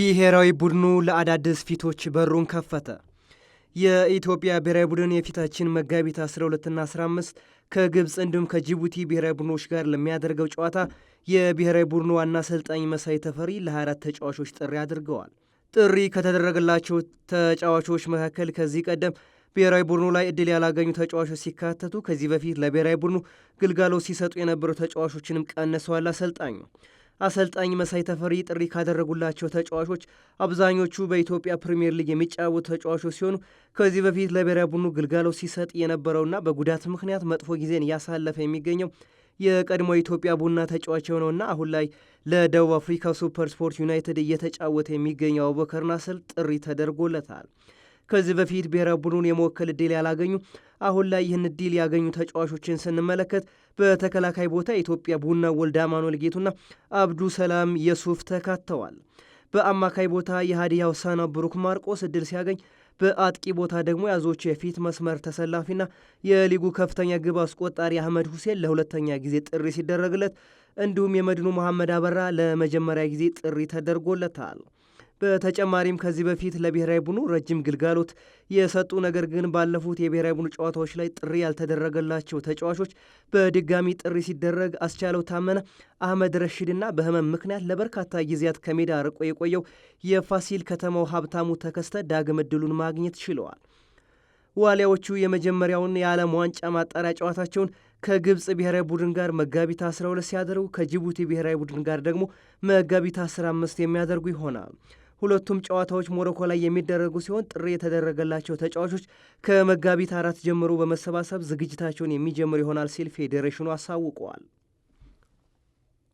ብሔራዊ ቡድኑ ለአዳዲስ ፊቶች በሩን ከፈተ። የኢትዮጵያ ብሔራዊ ቡድን የፊታችን መጋቢት 12ና 15 ከግብፅ እንዲሁም ከጅቡቲ ብሔራዊ ቡድኖች ጋር ለሚያደርገው ጨዋታ የብሔራዊ ቡድኑ ዋና አሰልጣኝ መሳይ ተፈሪ ለ24 ተጫዋቾች ጥሪ አድርገዋል። ጥሪ ከተደረገላቸው ተጫዋቾች መካከል ከዚህ ቀደም ብሔራዊ ቡድኑ ላይ እድል ያላገኙ ተጫዋቾች ሲካተቱ ከዚህ በፊት ለብሔራዊ ቡድኑ ግልጋሎት ሲሰጡ የነበሩ ተጫዋቾችንም ቀንሰዋል አሰልጣኙ አሰልጣኝ መሳይ ተፈሪ ጥሪ ካደረጉላቸው ተጫዋቾች አብዛኞቹ በኢትዮጵያ ፕሪምየር ሊግ የሚጫወቱ ተጫዋቾች ሲሆኑ ከዚህ በፊት ለብሔራዊ ቡድኑ ግልጋሎት ሲሰጥ የነበረውና በጉዳት ምክንያት መጥፎ ጊዜን እያሳለፈ የሚገኘው የቀድሞ ኢትዮጵያ ቡና ተጫዋች የሆነውና አሁን ላይ ለደቡብ አፍሪካ ሱፐር ስፖርት ዩናይትድ እየተጫወተ የሚገኘው አቡበከር ናስር ጥሪ ተደርጎለታል። ከዚህ በፊት ብሔራዊ ቡድኑን የመወከል እድል ያላገኙ አሁን ላይ ይህን እድል ያገኙ ተጫዋቾችን ስንመለከት በተከላካይ ቦታ የኢትዮጵያ ቡና ወልዳ ማኖል ጌቱና አብዱ ሰላም የሱፍ ተካተዋል። በአማካይ ቦታ የሀዲያ ውሳና ብሩክ ማርቆስ እድል ሲያገኝ በአጥቂ ቦታ ደግሞ የአዞቹ የፊት መስመር ተሰላፊና የሊጉ ከፍተኛ ግብ አስቆጣሪ አህመድ ሁሴን ለሁለተኛ ጊዜ ጥሪ ሲደረግለት እንዲሁም የመድኑ መሐመድ አበራ ለመጀመሪያ ጊዜ ጥሪ ተደርጎለታል። በተጨማሪም ከዚህ በፊት ለብሔራዊ ቡኑ ረጅም ግልጋሎት የሰጡ ነገር ግን ባለፉት የብሔራዊ ቡኑ ጨዋታዎች ላይ ጥሪ ያልተደረገላቸው ተጫዋቾች በድጋሚ ጥሪ ሲደረግ አስቻለው ታመነ፣ አህመድ ረሺድና በህመም ምክንያት ለበርካታ ጊዜያት ከሜዳ ርቆ የቆየው የፋሲል ከተማው ሀብታሙ ተከስተ ዳግም እድሉን ማግኘት ችለዋል። ዋሊያዎቹ የመጀመሪያውን የዓለም ዋንጫ ማጣሪያ ጨዋታቸውን ከግብፅ ብሔራዊ ቡድን ጋር መጋቢት 12 ሲያደርጉ ከጅቡቲ ብሔራዊ ቡድን ጋር ደግሞ መጋቢት 15 የሚያደርጉ ይሆናል። ሁለቱም ጨዋታዎች ሞሮኮ ላይ የሚደረጉ ሲሆን ጥሪ የተደረገላቸው ተጫዋቾች ከመጋቢት አራት ጀምሮ በመሰባሰብ ዝግጅታቸውን የሚጀምር ይሆናል ሲል ፌዴሬሽኑ አሳውቀዋል።